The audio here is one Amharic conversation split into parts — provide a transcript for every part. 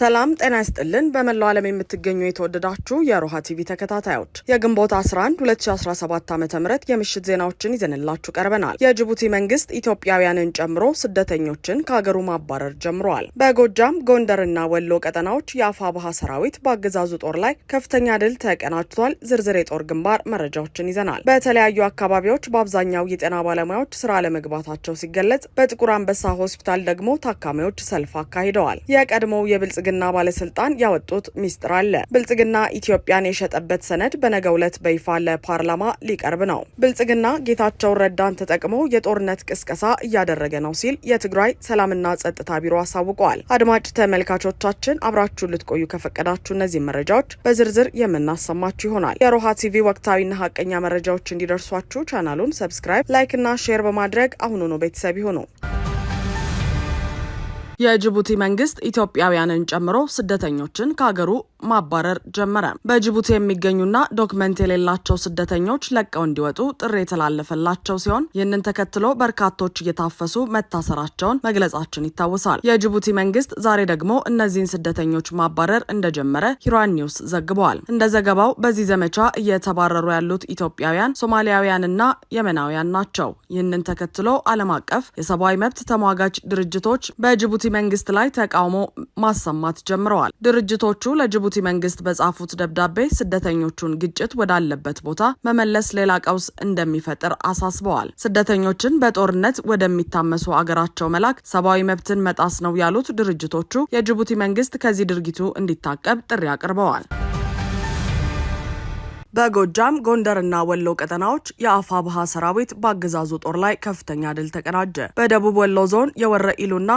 ሰላም ጤና ይስጥልን። በመላው ዓለም የምትገኙ የተወደዳችሁ የሮሃ ቲቪ ተከታታዮች የግንቦት 11 2017 ዓ ም የምሽት ዜናዎችን ይዘንላችሁ ቀርበናል። የጅቡቲ መንግስት ኢትዮጵያውያንን ጨምሮ ስደተኞችን ከሀገሩ ማባረር ጀምረዋል። በጎጃም ጎንደርና ወሎ ቀጠናዎች ባሃ ሰራዊት በአገዛዙ ጦር ላይ ከፍተኛ ድል ተቀናጅቷል። ዝርዝር የጦር ግንባር መረጃዎችን ይዘናል። በተለያዩ አካባቢዎች በአብዛኛው የጤና ባለሙያዎች ስራ ለመግባታቸው ሲገለጽ፣ በጥቁር አንበሳ ሆስፒታል ደግሞ ታካሚዎች ሰልፍ አካሂደዋል። የቀድሞው የብልጽ የብልጽግና ባለስልጣን ያወጡት ሚስጥር አለ። ብልጽግና ኢትዮጵያን የሸጠበት ሰነድ በነገ ዕለት በይፋ ለፓርላማ ሊቀርብ ነው። ብልጽግና ጌታቸውን ረዳን ተጠቅሞ የጦርነት ቅስቀሳ እያደረገ ነው ሲል የትግራይ ሰላምና ጸጥታ ቢሮ አሳውቀዋል። አድማጭ ተመልካቾቻችን አብራችሁን ልትቆዩ ከፈቀዳችሁ እነዚህ መረጃዎች በዝርዝር የምናሰማችሁ ይሆናል። የሮሃ ቲቪ ወቅታዊና ሀቀኛ መረጃዎች እንዲደርሷችሁ ቻናሉን ሰብስክራይብ፣ ላይክ ሼር በማድረግ አሁኑኑ ቤተሰብ ይሁኑ። የጅቡቲ መንግስት ኢትዮጵያውያንን ጨምሮ ስደተኞችን ከሀገሩ ማባረር ጀመረ። በጅቡቲ የሚገኙና ዶክመንት የሌላቸው ስደተኞች ለቀው እንዲወጡ ጥሪ የተላለፈላቸው ሲሆን ይህንን ተከትሎ በርካቶች እየታፈሱ መታሰራቸውን መግለጻችን ይታወሳል። የጅቡቲ መንግስት ዛሬ ደግሞ እነዚህን ስደተኞች ማባረር እንደጀመረ ሂሯን ኒውስ ዘግበዋል። እንደ ዘገባው በዚህ ዘመቻ እየተባረሩ ያሉት ኢትዮጵያውያን፣ ሶማሊያውያንና የመናውያን ናቸው። ይህንን ተከትሎ ዓለም አቀፍ የሰብአዊ መብት ተሟጋች ድርጅቶች በጅቡቲ የጅቡቲ መንግስት ላይ ተቃውሞ ማሰማት ጀምረዋል። ድርጅቶቹ ለጅቡቲ መንግስት በጻፉት ደብዳቤ ስደተኞቹን ግጭት ወዳለበት ቦታ መመለስ ሌላ ቀውስ እንደሚፈጥር አሳስበዋል። ስደተኞችን በጦርነት ወደሚታመሱ አገራቸው መላክ ሰብአዊ መብትን መጣስ ነው ያሉት ድርጅቶቹ የጅቡቲ መንግስት ከዚህ ድርጊቱ እንዲታቀብ ጥሪ አቅርበዋል። በጎጃም ጎንደርና ወሎ ቀጠናዎች የአፋ ባሃ ሰራዊት በአገዛዙ ጦር ላይ ከፍተኛ ድል ተቀናጀ። በደቡብ ወሎ ዞን የወረ ኢሉና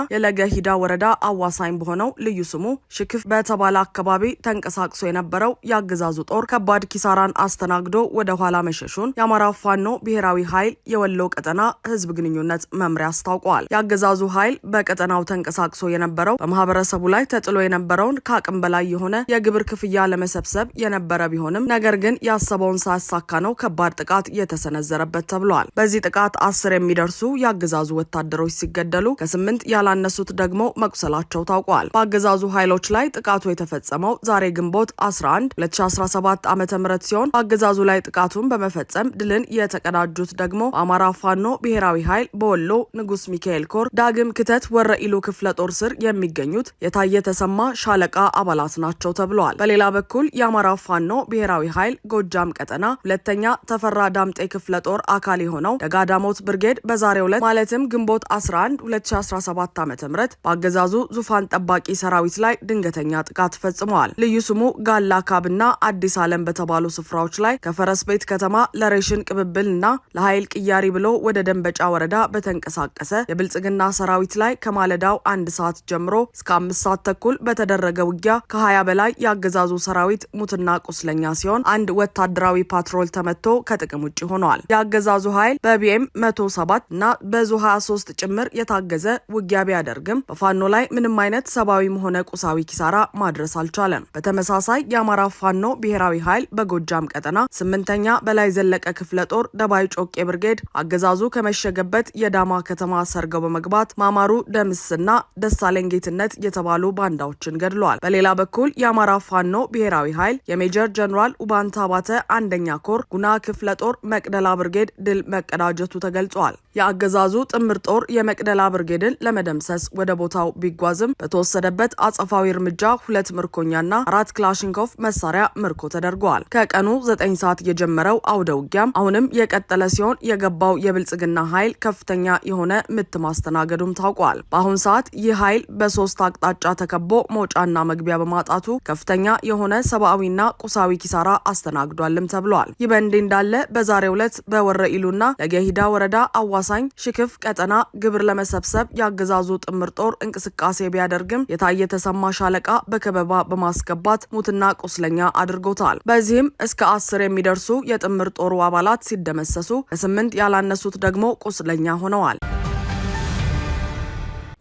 ሂዳ ወረዳ አዋሳኝ በሆነው ልዩ ስሙ ሽክፍ በተባለ አካባቢ ተንቀሳቅሶ የነበረው የአገዛዙ ጦር ከባድ ኪሳራን አስተናግዶ ወደ ኋላ መሸሹን የአማራ ፋኖ ብሔራዊ ኃይል የወሎ ቀጠና ህዝብ ግንኙነት መምሪያ አስታውቋል። የአገዛዙ ኃይል በቀጠናው ተንቀሳቅሶ የነበረው በማህበረሰቡ ላይ ተጥሎ የነበረውን ከአቅም በላይ የሆነ የግብር ክፍያ ለመሰብሰብ የነበረ ቢሆንም ነገር ግን ያሰበውን ሳያሳካ ነው ከባድ ጥቃት የተሰነዘረበት ተብሏል። በዚህ ጥቃት አስር የሚደርሱ የአገዛዙ ወታደሮች ሲገደሉ ከስምንት ያላነሱት ደግሞ መቁሰላቸው ታውቋል። በአገዛዙ ኃይሎች ላይ ጥቃቱ የተፈጸመው ዛሬ ግንቦት 11 2017 ዓ ም ሲሆን በአገዛዙ ላይ ጥቃቱን በመፈጸም ድልን የተቀዳጁት ደግሞ በአማራ ፋኖ ብሔራዊ ኃይል በወሎ ንጉስ ሚካኤል ኮር ዳግም ክተት ወረኢሉ ክፍለ ጦር ስር የሚገኙት የታየ ተሰማ ሻለቃ አባላት ናቸው ተብሏል። በሌላ በኩል የአማራ ፋኖ ብሔራዊ ኃይል ጎጃም ቀጠና ሁለተኛ ተፈራ ዳምጤ ክፍለ ጦር አካል የሆነው ደጋዳሞት ብርጌድ በዛሬው ዕለት ማለትም ግንቦት 11 2017 ዓ ም በአገዛዙ ዙፋን ጠባቂ ሰራዊት ላይ ድንገተኛ ጥቃት ፈጽመዋል። ልዩ ስሙ ጋላ ካብና አዲስ ዓለም በተባሉ ስፍራዎች ላይ ከፈረስ ቤት ከተማ ለሬሽን ቅብብልና ለኃይል ቅያሪ ብሎ ወደ ደንበጫ ወረዳ በተንቀሳቀሰ የብልጽግና ሰራዊት ላይ ከማለዳው አንድ ሰዓት ጀምሮ እስከ አምስት ሰዓት ተኩል በተደረገ ውጊያ ከ20 በላይ የአገዛዙ ሰራዊት ሙትና ቁስለኛ ሲሆን አንድ ወታደራዊ ፓትሮል ተመቶ ከጥቅም ውጭ ሆኗል። የአገዛዙ ኃይል በቢኤም 107 እና በዙ 23 ጭምር የታገዘ ውጊያ ቢያደርግም በፋኖ ላይ ምንም አይነት ሰብአዊም ሆነ ቁሳዊ ኪሳራ ማድረስ አልቻለም። በተመሳሳይ የአማራ ፋኖ ብሔራዊ ኃይል በጎጃም ቀጠና ስምንተኛ በላይ ዘለቀ ክፍለ ጦር ደባይ ጮቄ ብርጌድ አገዛዙ ከመሸገበት የዳማ ከተማ ሰርገው በመግባት ማማሩ ደምስና ደሳለኝ ጌትነት የተባሉ ባንዳዎችን ገድለዋል። በሌላ በኩል የአማራ ፋኖ ብሔራዊ ኃይል የሜጀር ጀኔራል ኡባንታ አባተ አንደኛ ኮር ጉና ክፍለ ጦር መቅደላ ብርጌድ ድል መቀዳጀቱ ተገልጿል። የአገዛዙ ጥምር ጦር የመቅደላ ብርጌድን ለመደምሰስ ወደ ቦታው ቢጓዝም በተወሰደበት አጸፋዊ እርምጃ ሁለት ምርኮኛና አራት ክላሽንኮቭ መሳሪያ ምርኮ ተደርገዋል። ከቀኑ ዘጠኝ ሰዓት የጀመረው አውደ ውጊያም አሁንም የቀጠለ ሲሆን የገባው የብልጽግና ኃይል ከፍተኛ የሆነ ምት ማስተናገዱም ታውቋል። በአሁን ሰዓት ይህ ኃይል በሶስት አቅጣጫ ተከቦ መውጫና መግቢያ በማጣቱ ከፍተኛ የሆነ ሰብአዊና ቁሳዊ ኪሳራ አስተናግ ተስተናግዷልም ተብሏል። ይህ በእንዲህ እንዳለ በዛሬው ዕለት በወረ ኢሉና ለገሂዳ ወረዳ አዋሳኝ ሽክፍ ቀጠና ግብር ለመሰብሰብ የአገዛዙ ጥምር ጦር እንቅስቃሴ ቢያደርግም የታየ ተሰማ ሻለቃ በከበባ በማስገባት ሙትና ቁስለኛ አድርጎታል። በዚህም እስከ አስር የሚደርሱ የጥምር ጦሩ አባላት ሲደመሰሱ ከስምንት ያላነሱት ደግሞ ቁስለኛ ሆነዋል።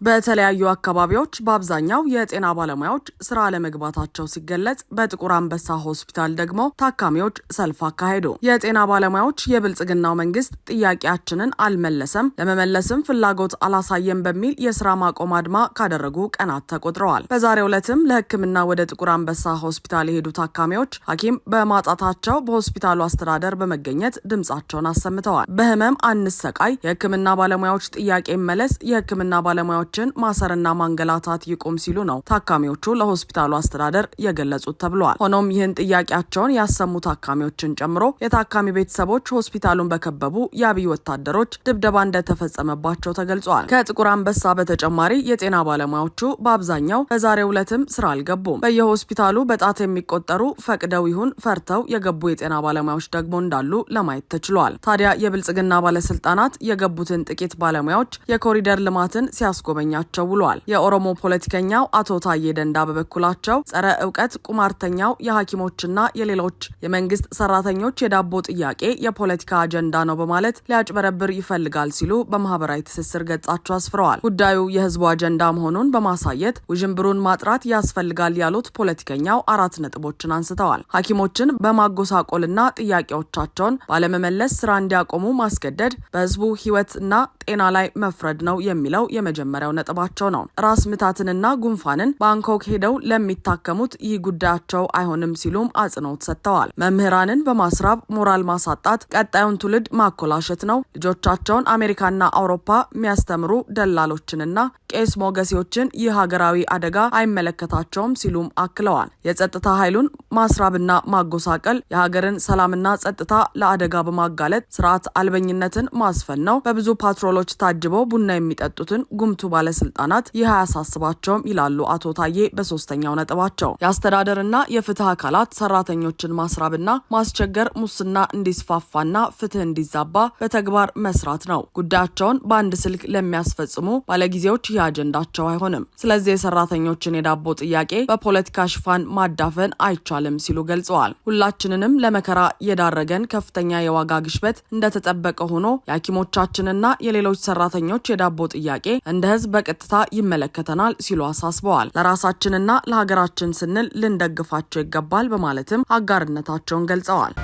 በተለያዩ አካባቢዎች በአብዛኛው የጤና ባለሙያዎች ስራ ለመግባታቸው ሲገለጽ፣ በጥቁር አንበሳ ሆስፒታል ደግሞ ታካሚዎች ሰልፍ አካሄዱ። የጤና ባለሙያዎች የብልጽግናው መንግስት ጥያቄያችንን አልመለሰም፣ ለመመለስም ፍላጎት አላሳየም በሚል የስራ ማቆም አድማ ካደረጉ ቀናት ተቆጥረዋል። በዛሬ ዕለትም ለሕክምና ወደ ጥቁር አንበሳ ሆስፒታል የሄዱ ታካሚዎች ሐኪም በማጣታቸው በሆስፒታሉ አስተዳደር በመገኘት ድምጻቸውን አሰምተዋል። በህመም አንሰቃይ፣ የሕክምና ባለሙያዎች ጥያቄ መለስ፣ የሕክምና ባለሙያዎች ሰዎችን ማሰርና ማንገላታት ይቁም ሲሉ ነው ታካሚዎቹ ለሆስፒታሉ አስተዳደር የገለጹት ተብለዋል። ሆኖም ይህን ጥያቄያቸውን ያሰሙ ታካሚዎችን ጨምሮ የታካሚ ቤተሰቦች ሆስፒታሉን በከበቡ የአብይ ወታደሮች ድብደባ እንደተፈጸመባቸው ተገልጿል። ከጥቁር አንበሳ በተጨማሪ የጤና ባለሙያዎቹ በአብዛኛው በዛሬው ዕለትም ስራ አልገቡም። በየሆስፒታሉ በጣት የሚቆጠሩ ፈቅደው ይሁን ፈርተው የገቡ የጤና ባለሙያዎች ደግሞ እንዳሉ ለማየት ተችሏል። ታዲያ የብልጽግና ባለስልጣናት የገቡትን ጥቂት ባለሙያዎች የኮሪደር ልማትን ሲያስጎበ ሲጎበኛቸው ውሏል። የኦሮሞ ፖለቲከኛው አቶ ታዬ ደንዳ በበኩላቸው ጸረ እውቀት ቁማርተኛው የሐኪሞችና የሌሎች የመንግስት ሰራተኞች የዳቦ ጥያቄ የፖለቲካ አጀንዳ ነው በማለት ሊያጭበረብር ይፈልጋል ሲሉ በማህበራዊ ትስስር ገጻቸው አስፍረዋል። ጉዳዩ የህዝቡ አጀንዳ መሆኑን በማሳየት ውዥንብሩን ማጥራት ያስፈልጋል ያሉት ፖለቲከኛው አራት ነጥቦችን አንስተዋል። ሐኪሞችን በማጎሳቆልና ጥያቄዎቻቸውን ባለመመለስ ስራ እንዲያቆሙ ማስገደድ በህዝቡ ህይወትና ጤና ላይ መፍረድ ነው የሚለው የመጀመሪያው ሌላኛው ነጥባቸው ነው። ራስ ምታትንና ጉንፋንን ባንኮክ ሄደው ለሚታከሙት ይህ ጉዳያቸው አይሆንም ሲሉም አጽንኦት ሰጥተዋል። መምህራንን በማስራብ ሞራል ማሳጣት ቀጣዩን ትውልድ ማኮላሸት ነው። ልጆቻቸውን አሜሪካና አውሮፓ የሚያስተምሩ ደላሎችንና ቄስ ሞገሴዎችን ይህ ሀገራዊ አደጋ አይመለከታቸውም ሲሉም አክለዋል። የጸጥታ ኃይሉን ማስራብና ማጎሳቀል የሀገርን ሰላምና ጸጥታ ለአደጋ በማጋለጥ ስርዓት አልበኝነትን ማስፈን ነው። በብዙ ፓትሮሎች ታጅበው ቡና የሚጠጡትን ጉምቱ ባለስልጣናት ይህ አያሳስባቸውም ይላሉ አቶ ታዬ በሶስተኛው ነጥባቸው። የአስተዳደርና የፍትህ አካላት ሰራተኞችን ማስራብና ማስቸገር ሙስና እንዲስፋፋና ፍትህ እንዲዛባ በተግባር መስራት ነው። ጉዳያቸውን በአንድ ስልክ ለሚያስፈጽሙ ባለጊዜዎች ይህ አጀንዳቸው አይሆንም። ስለዚህ የሰራተኞችን የዳቦ ጥያቄ በፖለቲካ ሽፋን ማዳፈን አይቻልም ሲሉ ገልጸዋል። ሁላችንንም ለመከራ የዳረገን ከፍተኛ የዋጋ ግሽበት እንደተጠበቀ ሆኖ የሐኪሞቻችንና የሌሎች ሰራተኞች የዳቦ ጥያቄ እንደ ህዝብ በቀጥታ ይመለከተናል ሲሉ አሳስበዋል። ለራሳችንና ለሀገራችን ስንል ልንደግፋቸው ይገባል በማለትም አጋርነታቸውን ገልጸዋል።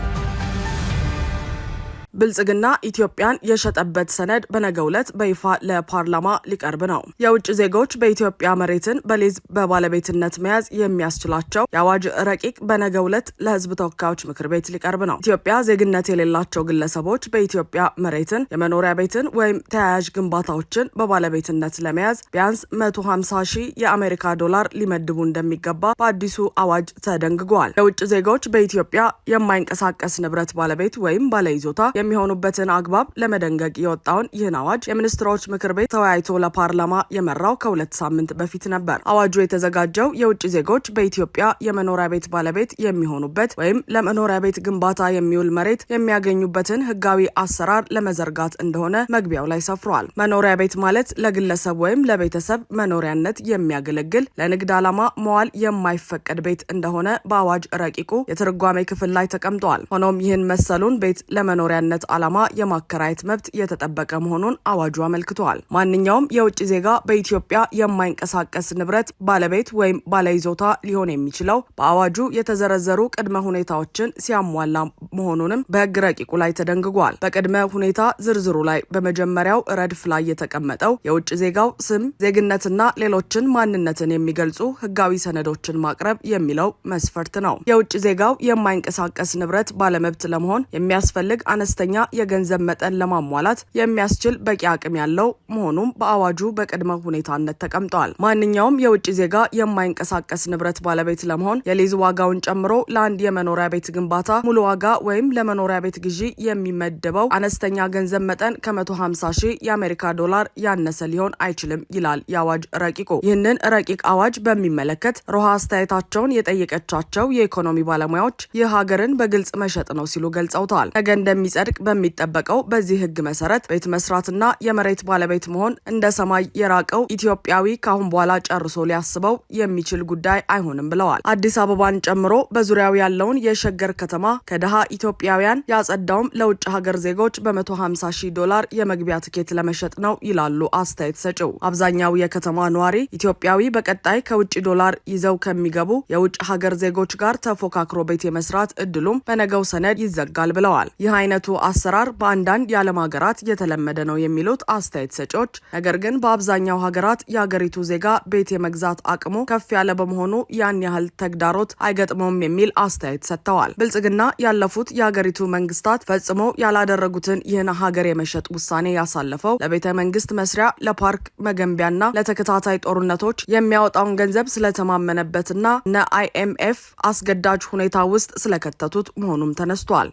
ብልጽግና ኢትዮጵያን የሸጠበት ሰነድ በነገ ዕለት በይፋ ለፓርላማ ሊቀርብ ነው። የውጭ ዜጎች በኢትዮጵያ መሬትን በሊዝ በባለቤትነት መያዝ የሚያስችላቸው የአዋጅ ረቂቅ በነገ ዕለት ለህዝብ ተወካዮች ምክር ቤት ሊቀርብ ነው። ኢትዮጵያ ዜግነት የሌላቸው ግለሰቦች በኢትዮጵያ መሬትን፣ የመኖሪያ ቤትን ወይም ተያያዥ ግንባታዎችን በባለቤትነት ለመያዝ ቢያንስ 150 ሺህ የአሜሪካ ዶላር ሊመድቡ እንደሚገባ በአዲሱ አዋጅ ተደንግጓል። የውጭ ዜጎች በኢትዮጵያ የማይንቀሳቀስ ንብረት ባለቤት ወይም ባለይዞታ የሚሆኑበትን አግባብ ለመደንገግ የወጣውን ይህን አዋጅ የሚኒስትሮች ምክር ቤት ተወያይቶ ለፓርላማ የመራው ከሁለት ሳምንት በፊት ነበር። አዋጁ የተዘጋጀው የውጭ ዜጎች በኢትዮጵያ የመኖሪያ ቤት ባለቤት የሚሆኑበት ወይም ለመኖሪያ ቤት ግንባታ የሚውል መሬት የሚያገኙበትን ህጋዊ አሰራር ለመዘርጋት እንደሆነ መግቢያው ላይ ሰፍሯል። መኖሪያ ቤት ማለት ለግለሰብ ወይም ለቤተሰብ መኖሪያነት የሚያገለግል ለንግድ ዓላማ መዋል የማይፈቀድ ቤት እንደሆነ በአዋጅ ረቂቁ የትርጓሜ ክፍል ላይ ተቀምጧል። ሆኖም ይህን መሰሉን ቤት ለመኖሪያነት ለአንድነት ዓላማ የማከራየት መብት የተጠበቀ መሆኑን አዋጁ አመልክቷል። ማንኛውም የውጭ ዜጋ በኢትዮጵያ የማይንቀሳቀስ ንብረት ባለቤት ወይም ባለይዞታ ሊሆን የሚችለው በአዋጁ የተዘረዘሩ ቅድመ ሁኔታዎችን ሲያሟላ መሆኑንም በሕግ ረቂቁ ላይ ተደንግጓል። በቅድመ ሁኔታ ዝርዝሩ ላይ በመጀመሪያው ረድፍ ላይ የተቀመጠው የውጭ ዜጋው ስም፣ ዜግነትና ሌሎችን ማንነትን የሚገልጹ ሕጋዊ ሰነዶችን ማቅረብ የሚለው መስፈርት ነው። የውጭ ዜጋው የማይንቀሳቀስ ንብረት ባለመብት ለመሆን የሚያስፈልግ አነስተኛ ከፍተኛ የገንዘብ መጠን ለማሟላት የሚያስችል በቂ አቅም ያለው መሆኑም በአዋጁ በቅድመ ሁኔታነት ተቀምጠዋል። ማንኛውም የውጭ ዜጋ የማይንቀሳቀስ ንብረት ባለቤት ለመሆን የሊዝ ዋጋውን ጨምሮ ለአንድ የመኖሪያ ቤት ግንባታ ሙሉ ዋጋ ወይም ለመኖሪያ ቤት ግዢ የሚመደበው አነስተኛ ገንዘብ መጠን ከ150 ሺህ የአሜሪካ ዶላር ያነሰ ሊሆን አይችልም ይላል የአዋጅ ረቂቁ። ይህንን ረቂቅ አዋጅ በሚመለከት ሮሃ አስተያየታቸውን የጠየቀቻቸው የኢኮኖሚ ባለሙያዎች ይህ ሀገርን በግልጽ መሸጥ ነው ሲሉ ገልጸውተዋል። ነገ እንደሚጸ እንዲጸድቅ በሚጠበቀው በዚህ ህግ መሰረት ቤት መስራትና የመሬት ባለቤት መሆን እንደ ሰማይ የራቀው ኢትዮጵያዊ ካሁን በኋላ ጨርሶ ሊያስበው የሚችል ጉዳይ አይሆንም ብለዋል። አዲስ አበባን ጨምሮ በዙሪያው ያለውን የሸገር ከተማ ከድሃ ኢትዮጵያውያን ያጸዳውም ለውጭ ሀገር ዜጎች በ150 ሺህ ዶላር የመግቢያ ትኬት ለመሸጥ ነው ይላሉ አስተያየት ሰጪው። አብዛኛው የከተማ ነዋሪ ኢትዮጵያዊ በቀጣይ ከውጭ ዶላር ይዘው ከሚገቡ የውጭ ሀገር ዜጎች ጋር ተፎካክሮ ቤት የመስራት እድሉም በነገው ሰነድ ይዘጋል ብለዋል። ይህ አይነቱ አሰራር በአንዳንድ የዓለም ሀገራት የተለመደ ነው የሚሉት አስተያየት ሰጪዎች፣ ነገር ግን በአብዛኛው ሀገራት የሀገሪቱ ዜጋ ቤት የመግዛት አቅሙ ከፍ ያለ በመሆኑ ያን ያህል ተግዳሮት አይገጥመውም የሚል አስተያየት ሰጥተዋል። ብልጽግና ያለፉት የሀገሪቱ መንግስታት ፈጽሞ ያላደረጉትን ይህን ሀገር የመሸጥ ውሳኔ ያሳለፈው ለቤተ መንግስት መስሪያ፣ ለፓርክ መገንቢያና ለተከታታይ ጦርነቶች የሚያወጣውን ገንዘብ ስለተማመነበትና ነ አይኤምኤፍ አስገዳጅ ሁኔታ ውስጥ ስለከተቱት መሆኑም ተነስቷል።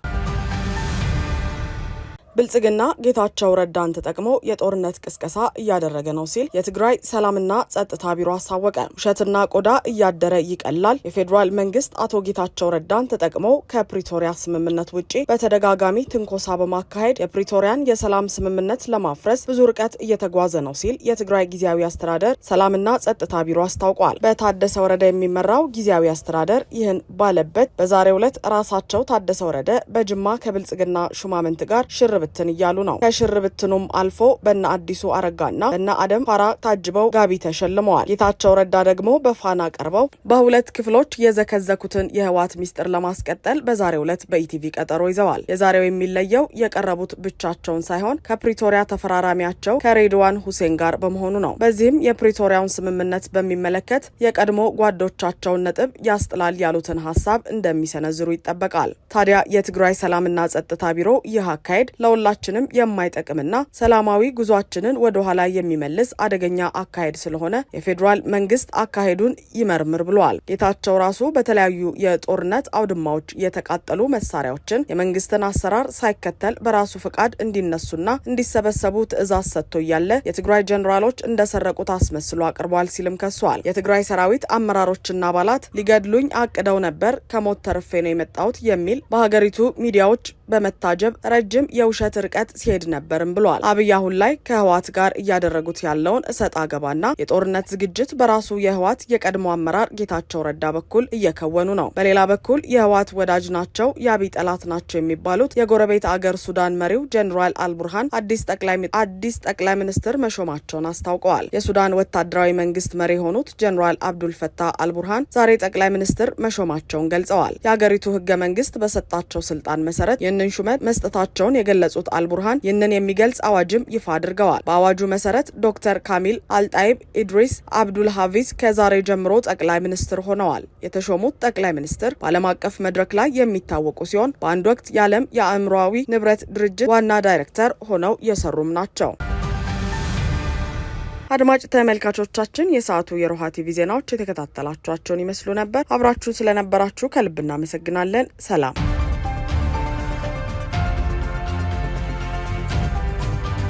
ብልጽግና ጌታቸው ረዳን ተጠቅሞ የጦርነት ቅስቀሳ እያደረገ ነው ሲል የትግራይ ሰላምና ጸጥታ ቢሮ አሳወቀ። ውሸትና ቆዳ እያደረ ይቀላል። የፌዴራል መንግስት አቶ ጌታቸው ረዳን ተጠቅሞ ከፕሪቶሪያ ስምምነት ውጪ በተደጋጋሚ ትንኮሳ በማካሄድ የፕሪቶሪያን የሰላም ስምምነት ለማፍረስ ብዙ ርቀት እየተጓዘ ነው ሲል የትግራይ ጊዜያዊ አስተዳደር ሰላምና ጸጥታ ቢሮ አስታውቋል። በታደሰ ወረደ የሚመራው ጊዜያዊ አስተዳደር ይህን ባለበት በዛሬው ዕለት ራሳቸው ታደሰ ወረደ በጅማ ከብልጽግና ሹማምንት ጋር ሽር ብትን እያሉ ነው። ከሽርብትኑም አልፎ በነ አዲሱ አረጋና በነ አደም ፋራ ታጅበው ጋቢ ተሸልመዋል። ጌታቸው ረዳ ደግሞ በፋና ቀርበው በሁለት ክፍሎች የዘከዘኩትን የህወሓት ሚስጥር ለማስቀጠል በዛሬው ዕለት በኢቲቪ ቀጠሮ ይዘዋል። የዛሬው የሚለየው የቀረቡት ብቻቸውን ሳይሆን ከፕሪቶሪያ ተፈራራሚያቸው ከሬድዋን ሁሴን ጋር በመሆኑ ነው። በዚህም የፕሪቶሪያውን ስምምነት በሚመለከት የቀድሞ ጓዶቻቸውን ነጥብ ያስጥላል ያሉትን ሀሳብ እንደሚሰነዝሩ ይጠበቃል። ታዲያ የትግራይ ሰላምና ጸጥታ ቢሮ ይህ አካሄድ ለሁላችንም የማይጠቅምና ሰላማዊ ጉዟችንን ኋላ የሚመልስ አደገኛ አካሄድ ስለሆነ የፌዴራል መንግስት አካሄዱን ይመርምር ብለዋል። ጌታቸው ራሱ በተለያዩ የጦርነት አውድማዎች የተቃጠሉ መሳሪያዎችን የመንግስትን አሰራር ሳይከተል በራሱ ፈቃድ እንዲነሱና እንዲሰበሰቡ ትዕዛዝ ሰጥቶ እያለ የትግራይ ጀኔራሎች እንደሰረቁት አስመስሎ አቅርቧል ሲልም ከሷል። የትግራይ ሰራዊት አመራሮችና አባላት ሊገድሉኝ አቅደው ነበር፣ ከሞት ተርፌ ነው የመጣሁት የሚል በሀገሪቱ ሚዲያዎች በመታጀብ ረጅም የውሸ የውሸት ርቀት ሲሄድ ነበርም ብለዋል። አብይ አሁን ላይ ከህወሓት ጋር እያደረጉት ያለውን እሰጥ አገባና የጦርነት ዝግጅት በራሱ የህወሓት የቀድሞ አመራር ጌታቸው ረዳ በኩል እየከወኑ ነው። በሌላ በኩል የህወሓት ወዳጅ ናቸው፣ የአብይ ጠላት ናቸው የሚባሉት የጎረቤት አገር ሱዳን መሪው ጀኔራል አልቡርሃን አዲስ ጠቅላይ ሚኒስትር መሾማቸውን አስታውቀዋል። የሱዳን ወታደራዊ መንግስት መሪ የሆኑት ጀኔራል አብዱልፈታህ አልቡርሃን ዛሬ ጠቅላይ ሚኒስትር መሾማቸውን ገልጸዋል። የአገሪቱ ህገ መንግስት በሰጣቸው ስልጣን መሰረት ይህንን ሹመት መስጠታቸውን የገለጹ የገለጹት አልቡርሃን ይህንን የሚገልጽ አዋጅም ይፋ አድርገዋል። በአዋጁ መሰረት ዶክተር ካሚል አልጣይብ ኢድሪስ አብዱል ሀፊዝ ከዛሬ ጀምሮ ጠቅላይ ሚኒስትር ሆነዋል። የተሾሙት ጠቅላይ ሚኒስትር በዓለም አቀፍ መድረክ ላይ የሚታወቁ ሲሆን በአንድ ወቅት የዓለም የአእምሯዊ ንብረት ድርጅት ዋና ዳይሬክተር ሆነው የሰሩም ናቸው። አድማጭ ተመልካቾቻችን የሰዓቱ የሮሃ ቲቪ ዜናዎች የተከታተላችኋቸውን ይመስሉ ነበር። አብራችሁን ስለነበራችሁ ከልብ እናመሰግናለን። ሰላም